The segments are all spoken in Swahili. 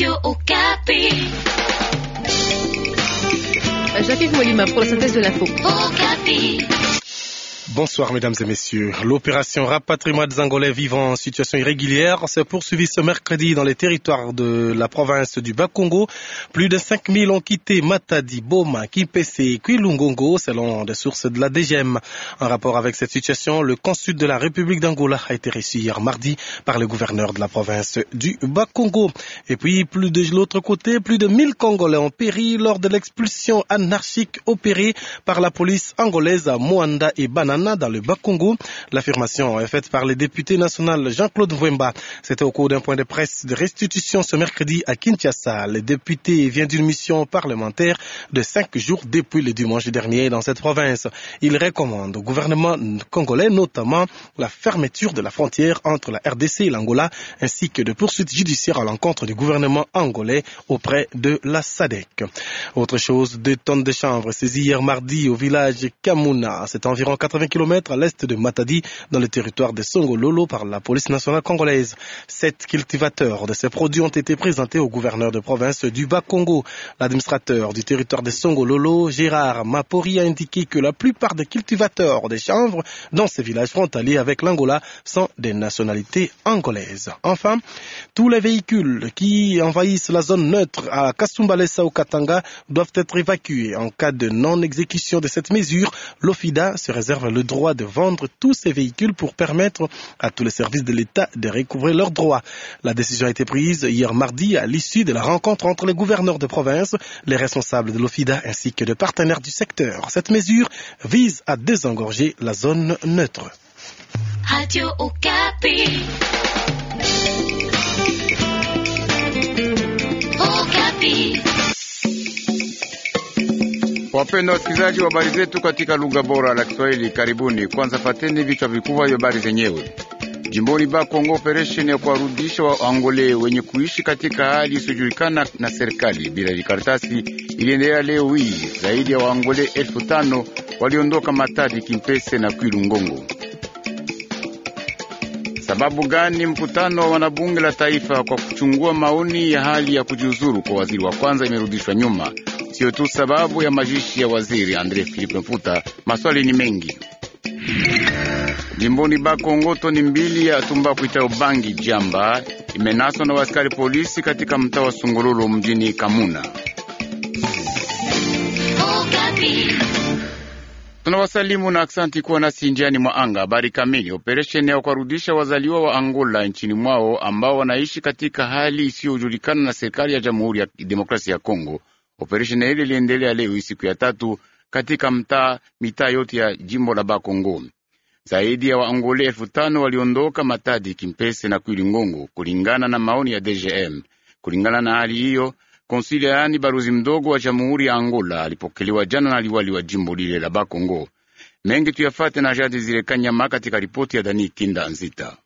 Euh, Jacques Molima pour la synthèse de l'info. Bonsoir mesdames et messieurs. L'opération rapatriement des Angolais vivant en situation irrégulière s'est poursuivie ce mercredi dans les territoires de la province du Bas-Congo. Plus de 5000 ont quitté Matadi, Boma, Kipese et Kwilungongo selon des sources de la DGM. En rapport avec cette situation, le consul de la République d'Angola a été reçu hier mardi par le gouverneur de la province du Bas-Congo. Et puis, plus de l'autre côté, plus de 1000 Congolais ont péri lors de l'expulsion anarchique opérée par la police angolaise à Moanda et Banana dans le Bas-Congo. L'affirmation est faite par le député national Jean-Claude Vwemba. C'était au cours d'un point de presse de restitution ce mercredi à Kinshasa. Le député vient d'une mission parlementaire de cinq jours depuis le dimanche dernier dans cette province. Il recommande au gouvernement congolais notamment la fermeture de la frontière entre la RDC et l'Angola ainsi que de poursuites judiciaires à l'encontre du gouvernement angolais auprès de la SADEC. Autre chose, deux tonnes de chambres saisies hier mardi au village Kamuna. C'est environ 80 kilomètres à l'est de Matadi, dans le territoire de Songololo, par la police nationale congolaise. Sept cultivateurs de ces produits ont été présentés au gouverneur de province du Bas-Congo. L'administrateur du territoire de Songololo, Gérard Mapori, a indiqué que la plupart des cultivateurs des chanvres dans ces villages frontaliers avec l'Angola sont des nationalités angolaises. Enfin, tous les véhicules qui envahissent la zone neutre à Kasumbalesa ou Katanga doivent être évacués. En cas de non-exécution de cette mesure, l'OFIDA se réserve le droit de vendre tous ces véhicules pour permettre à tous les services de l'État de recouvrer leurs droits. La décision a été prise hier mardi à l'issue de la rencontre entre les gouverneurs de province, les responsables de l'OFIDA ainsi que de partenaires du secteur. Cette mesure vise à désengorger la zone neutre. Radio Wapenda wasikilizaji wa habari zetu katika lugha bora la Kiswahili, karibuni. Kwanza pateni vichwa vikubwa vya habari zenyewe. Jimboni Bakongo, operesheni ya kuwarudisha waangole wenye kuishi katika hali isiyojulikana na serikali bila vikaratasi iliendelea leo hii. Zaidi ya waangole elfu tano waliondoka Matadi, Kimpese na Kwilu Ngongo. Sababu gani mkutano wa wanabunge la taifa kwa kuchungua maoni ya hali ya kujiuzuru kwa waziri wa kwanza imerudishwa nyuma? sio tu sababu ya majishi ya waziri Andre Philippe Mfuta. Maswali ni mengi jimboni Bakongo. Toni mbili ya tumbaku itao bangi jamba imenaswa na askari polisi katika mtaa wa Sungululu mjini Kamuna. Tunawasalimu na aksanti kuwa nasi njiani mwa anga. Habari kamili. Operesheni ya kuwarudisha wazaliwa wa Angola nchini mwao ambao wanaishi katika hali isiyojulikana na serikali ya Jamhuri ya Demokrasia ya Kongo Operesheni ile iliendelea leo siku ya tatu katika mtaa mitaa yote ya jimbo la Bakongo. Zaidi ya waangole elfu tano waliondoka Matadi, Kimpese na kwili ngongo kulingana na maoni ya DGM. Kulingana na hali hiyo, konsili yaani baruzi mdogo wa jamhuri ya Angola alipokelewa jana na liwali wa jimbo lile la Bakongo. Mengi tuyafate na Zile Kanyama katika ripoti ya Dani Kinda Nzita.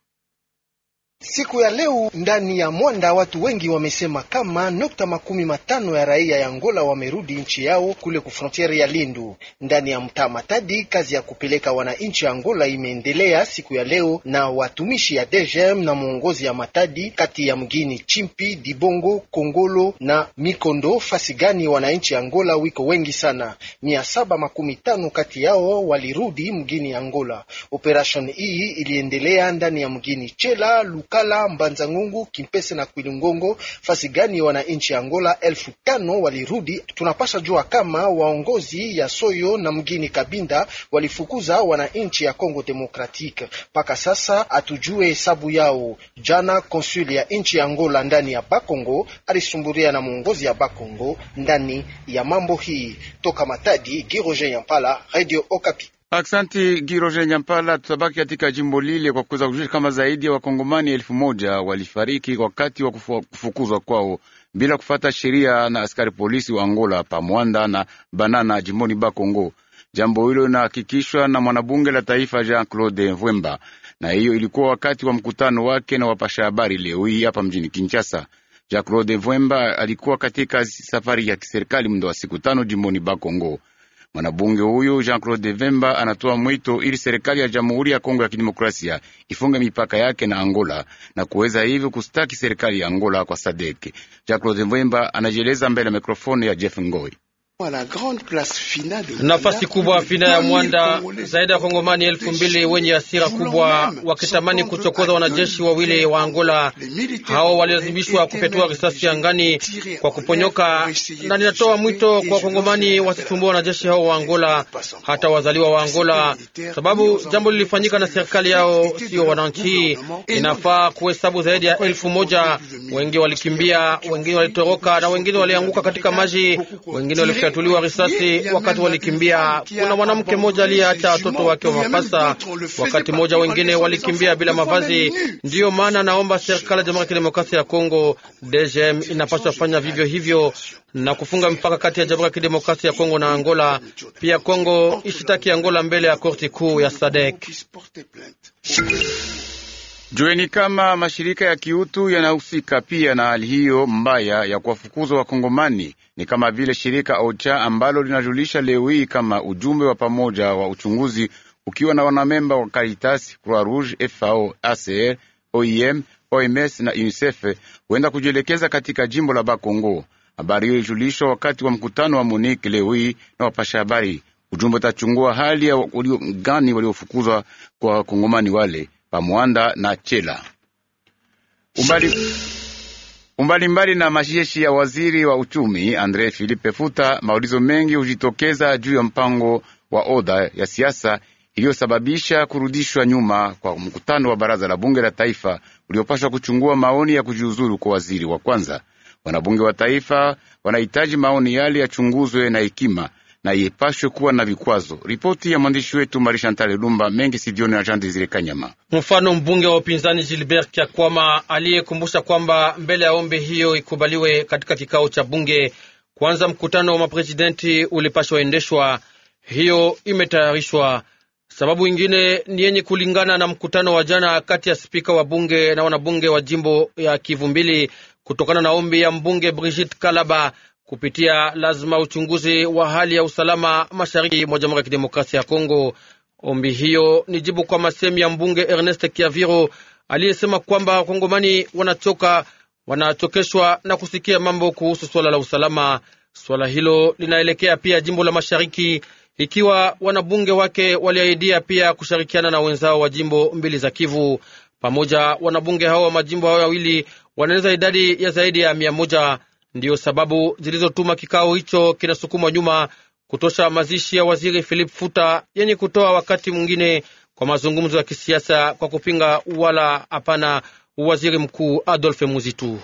Siku ya leo ndani ya Mwanda watu wengi wamesema kama nukta makumi matano ya raia ya Angola wamerudi nchi yao kule kufrontiere ya Lindu. Ndani ya mtaa Matadi, kazi ya kupeleka wananchi ya Angola imeendelea siku ya leo na watumishi ya DGM na mwongozi ya Matadi kati ya mgini Chimpi, Dibongo, Kongolo na Mikondo. Fasi gani wananchi ya Angola wiko wengi sana, mia saba makumi tano kati yao walirudi mgini Angola. Operation hii iliendelea ndani ya mgini Chela Luka Mukala, Mbanza Ngungu, Kimpese na Kwilungongo, fasi gani wananchi Angola elfu tano walirudi. Tunapasha jua kama waongozi ya Soyo na mgini Kabinda walifukuza wananchi ya Kongo Demokratike. Mpaka sasa hatujue hesabu yao. Jana konsuli ya nchi ya Angola ndani ya Bakongo alisumburia na mwongozi ya Bakongo ndani ya mambo hii. Toka Matadi, Giroje Yampala, Radio Okapi. Aksanti Giroje Nyampala. Tutabaki katika jimbo lile kwa kuweza kujulisha kama zaidi ya wa wakongomani elfu moja walifariki wakati wa kufukuzwa kwao bila kufata sheria na askari polisi wa Angola pamwanda na banana jimboni Bakongo. Jambo hilo linahakikishwa na mwanabunge la taifa Jean Claude Mvwemba, na hiyo ilikuwa wakati wa mkutano wake na wapasha habari leo hii hapa mjini Kinshasa. Jean Claude Mvwemba alikuwa katika safari ya kiserikali muda wa siku tano jimboni Bakongo. Mwanabunge huyu Jean Claude Vemba anatoa mwito ili serikali ya Jamhuri ya Kongo ya Kidemokrasia ifunge mipaka yake na Angola na kuweza hivyo kustaki serikali ya Angola kwa Sadek. Jean Claude Devemba anajieleza mbele ya mikrofoni ya Jeff Ngoi. Nafasi kubwa fina ya Mwanda, zaidi ya Kongomani elfu mbili wenye hasira kubwa wakitamani kuchokoza wanajeshi wawili wa Angola. Hao walilazimishwa kupetua risasi angani kwa kuponyoka, na ninatoa mwito kwa Wakongomani wasisumbua wanajeshi hao wa Angola, hata wazaliwa wa Angola, sababu jambo lilifanyika na serikali yao, sio wananchi. Inafaa kuhesabu zaidi ya elfu moja. Wengi walikimbia, wengine walitoroka, na wengine walianguka katika maji, wengine wali ikatuliwa risasi wakati walikimbia. Kuna mwanamke mmoja aliyeacha watoto wake wa mapasa, wakati mmoja wengine walikimbia bila mavazi. Ndiyo maana naomba serikali ya Jamhuri ya Kidemokrasia ya Kongo, DGM, inapaswa fanya vivyo hivyo na kufunga mpaka kati ya Jamhuri ya Kidemokrasia ya Kongo na Angola. Pia Kongo ishitaki Angola mbele ya korti kuu ya sadek Jueni kama mashirika ya kiutu yanahusika pia na hali hiyo mbaya ya kuwafukuzwa Wakongomani ni kama vile shirika OCHA ambalo linajulisha leo hii kama ujumbe wa pamoja wa uchunguzi ukiwa na wanamemba wa Caritas, Croix Rouge, FAO, ACR, e, OIM, OMS na UNICEF huenda kujielekeza katika jimbo la Bakongo. Habari hiyo ilijulishwa wakati wa mkutano wa Munich leo hii na wapasha habari. Ujumbe utachungua hali ya walio gani waliofukuzwa kwa wakongomani wale pamwanda na Chela umbali umbalimbali na majeshi ya waziri wa uchumi Andre Philippe Futa. Maulizo mengi hujitokeza juu ya mpango wa oda ya siasa iliyosababisha kurudishwa nyuma kwa mkutano wa baraza la bunge la taifa uliopashwa kuchungua maoni ya kujiuzuru kwa waziri wa kwanza. Wanabunge wa taifa wanahitaji maoni yale yachunguzwe na hekima na yepashwe kuwa na vikwazo. Ripoti ya mwandishi wetu Mari Chantal Lumba mengi sidioni na Jean Desire Kanyama. Mfano, mbunge wa upinzani Gilbert Kyakwama aliyekumbusha kwamba mbele ya ombi hiyo ikubaliwe katika kikao cha bunge, kwanza mkutano wa maprezidenti ulipashwa endeshwa. Hiyo imetayarishwa. Sababu ingine ni yenye kulingana na mkutano wa jana kati ya spika wa bunge na wanabunge wa jimbo ya Kivu mbili kutokana na ombi ya mbunge Brigitte Kalaba kupitia lazima uchunguzi wa hali ya usalama mashariki mwa Jamhuri ya Kidemokrasia ya Kongo. Ombi hiyo ni jibu kwa masemi ya mbunge Ernest Kiaviro aliyesema kwamba wakongomani wanachoka wanachokeshwa na kusikia mambo kuhusu swala la usalama. Swala hilo linaelekea pia jimbo la mashariki, ikiwa wanabunge wake waliahidia pia kushirikiana na wenzao wa jimbo mbili za Kivu. Pamoja wanabunge hao wa majimbo hayo yawili wanaeleza idadi ya zaidi ya mia moja. Ndiyo sababu zilizotuma kikao hicho kinasukumwa nyuma kutosha mazishi ya waziri Philip Futa yenye kutoa wakati mwingine kwa mazungumzo ya kisiasa kwa kupinga wala hapana waziri mkuu adolfe Muzitu.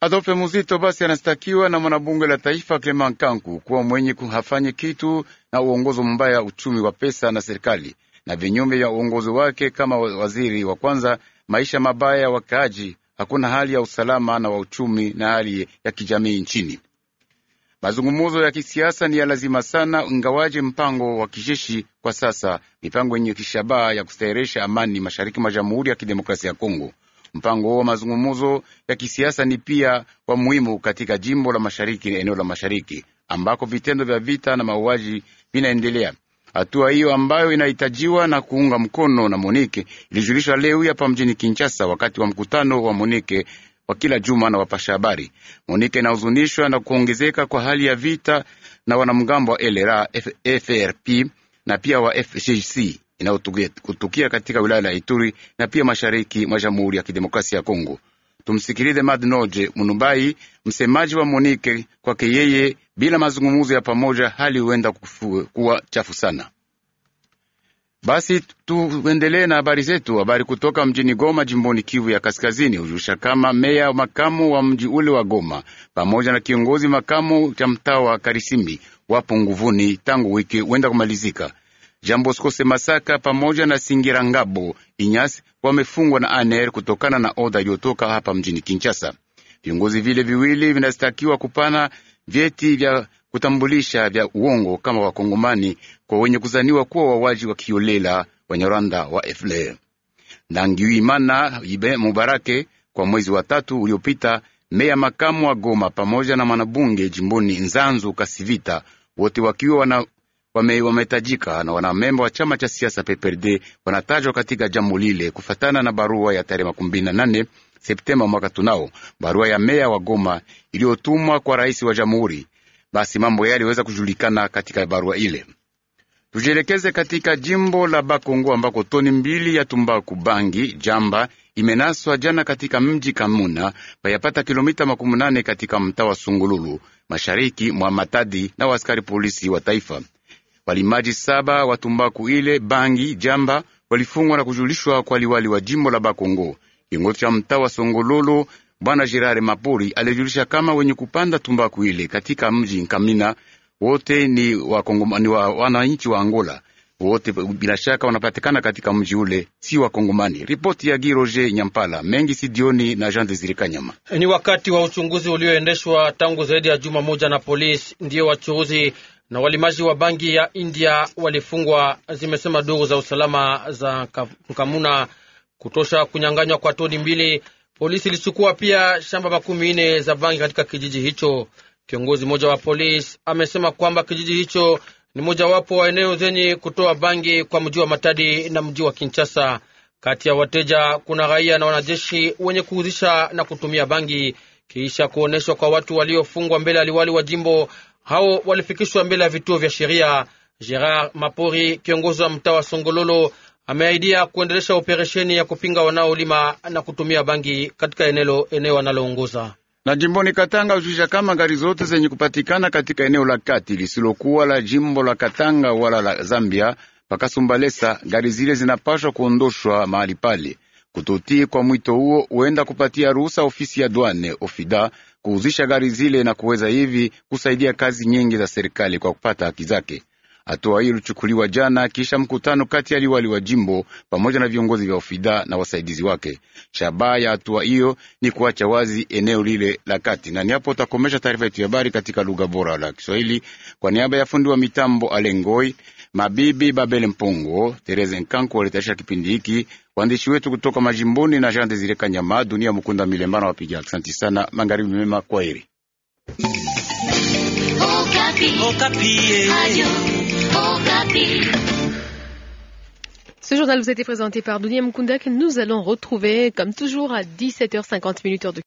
adolfe Muzito basi anastakiwa na mwanabunge la taifa Clement Kanku kuwa mwenye kuhafanye kitu na uongozi mbaya uchumi wa pesa na serikali na vinyume vya uongozi wake kama waziri wa kwanza, maisha mabaya ya wakaaji hakuna hali ya usalama na wa uchumi na hali ya kijamii nchini. Mazungumzo ya kisiasa ni ya lazima sana, ingawaje mpango wa kijeshi kwa sasa, mipango yenye kishabaha ya kustahiresha amani mashariki mwa Jamhuri ya Kidemokrasia ya Kongo. Mpango huo wa mazungumzo ya kisiasa ni pia wa muhimu katika jimbo la mashariki na eneo la mashariki ambako vitendo vya vita na mauaji vinaendelea. Hatua hiyo ambayo inahitajiwa na kuunga mkono na Monike ilijulishwa leo hapa mjini Kinshasa wakati wa mkutano wa Monike wa kila juma na wapasha habari. Monike inahuzunishwa na kuongezeka kwa hali ya vita na wanamgambo wa LRA, FRP na pia wa FCC inayotukia katika wilaya la Ituri na pia mashariki mwa Jamhuri ya Kidemokrasia ya Kongo. Tumsikilize Madnoje Munubai, msemaji wa Monike. Kwake yeye, bila mazungumzo ya pamoja, hali huenda kuwa chafu sana. Basi tuendelee na habari zetu. Habari kutoka mjini Goma, jimboni Kivu ya Kaskazini hujulisha kama meya makamu wa mji ule wa Goma pamoja na kiongozi makamu cha mtaa wa Karisimbi wapo nguvuni tangu wiki huenda kumalizika. Jambo sikose Masaka pamoja na Singirangabo Inyas wamefungwa na ANR kutokana na oda iliyotoka hapa mjini Kinshasa. Viongozi vile viwili vinastakiwa kupana vyeti vya kutambulisha vya uongo kama wakongomani kwa wenye kuzaniwa kuwa wawaji wa kiolela Wanyarwanda wa FDLR. E. Ndangiuimana Ibe Mubarake kwa mwezi wa tatu uliopita, meya makamu wa Goma pamoja na mwanabunge jimboni Nzanzu Kasivita, wote wakiwa wana wamehitajika na wanamemba wa chama cha siasa PPRD wanatajwa katika jambo lile kufatana na barua ya tarehe makumi mbili na nane Septemba mwaka tunao, barua ya meya wa Goma iliyotumwa kwa rais wa jamhuri. Basi mambo yaliweza kujulikana katika barua ile. Tujielekeze katika jimbo la Bakongo ambako toni mbili ya tumbaku bangi jamba imenaswa jana katika mji Kamuna payapata kilomita makumi nane katika mtaa wa Sungululu mashariki mwa Matadi na waskari polisi wa taifa. Walimaji saba wa tumbaku ile bangi jamba walifungwa na kujulishwa kwa liwali wa jimbo la Bakongo. Kiongozi cha mtaa wa Songololo Bwana Gerare Mapori alijulisha kama wenye kupanda tumbaku ile katika mji Nkamina wote ni wananchi wa, wananchi wa Angola wote bila shaka wanapatikana katika mji ule, si Wakongomani. Ripoti ya Giroje Nyampala mengi sidioni na Jean Desire Kanyama. Ni wakati wa uchunguzi ulioendeshwa tangu zaidi ya juma moja na polisi, ndiyo wachuuzi na walimaji wa bangi ya India walifungwa, zimesema duru za usalama za Nkamuna. Kutosha kunyanganywa kwa toni mbili, polisi ilichukua pia shamba makumi nne za bangi katika kijiji hicho. Kiongozi mmoja wa polisi amesema kwamba kijiji hicho ni mojawapo wa eneo zenye kutoa bangi kwa mji wa Matadi na mji wa Kinshasa. Kati ya wateja kuna raia na wanajeshi wenye kuhuzisha na kutumia bangi. Kisha kuonyeshwa kwa watu waliofungwa mbele aliwali wa jimbo, hao walifikishwa mbele ya vituo vya sheria. Gerard Mapori, kiongozi wa mtaa wa Songololo, ameahidia kuendelesha operesheni ya kupinga wanaolima na kutumia bangi katika eneo eneo analoongoza na jimboni Katanga hujisha kama gari zote zenye kupatikana katika eneo la kati lisilokuwa la jimbo la Katanga wala la Zambia pakasumbalesa, gari zile zinapashwa kuondoshwa mahali pale. Kutotii kwa mwito huo huenda kupatia ruhusa ofisi ya duane ofida kuuzisha gari zile na kuweza hivi kusaidia kazi nyingi za serikali kwa kupata haki zake. Hatua hiyo ilichukuliwa jana kisha mkutano kati ya liwali wa jimbo pamoja na viongozi vya ofida na wasaidizi wake. Shabaha ya hatua hiyo ni kuacha wazi eneo lile la kati, na ni hapo utakomesha taarifa yetu ya habari katika lugha bora la Kiswahili. Kwa niaba ya fundi wa mitambo Alengoi Mabibi Babele Mpongo, Tereze Nkanku walitaisha kipindi hiki. Waandishi wetu kutoka majimboni na Jean Desire Kanyama, Dunia Mukunda Milemba na wapiga. Asante sana, magharibi mema, kwa heri. Eh. Ce journal vous a été présenté par Dunia Mukunda que nous allons retrouver comme toujours à 17h50 minutes heure de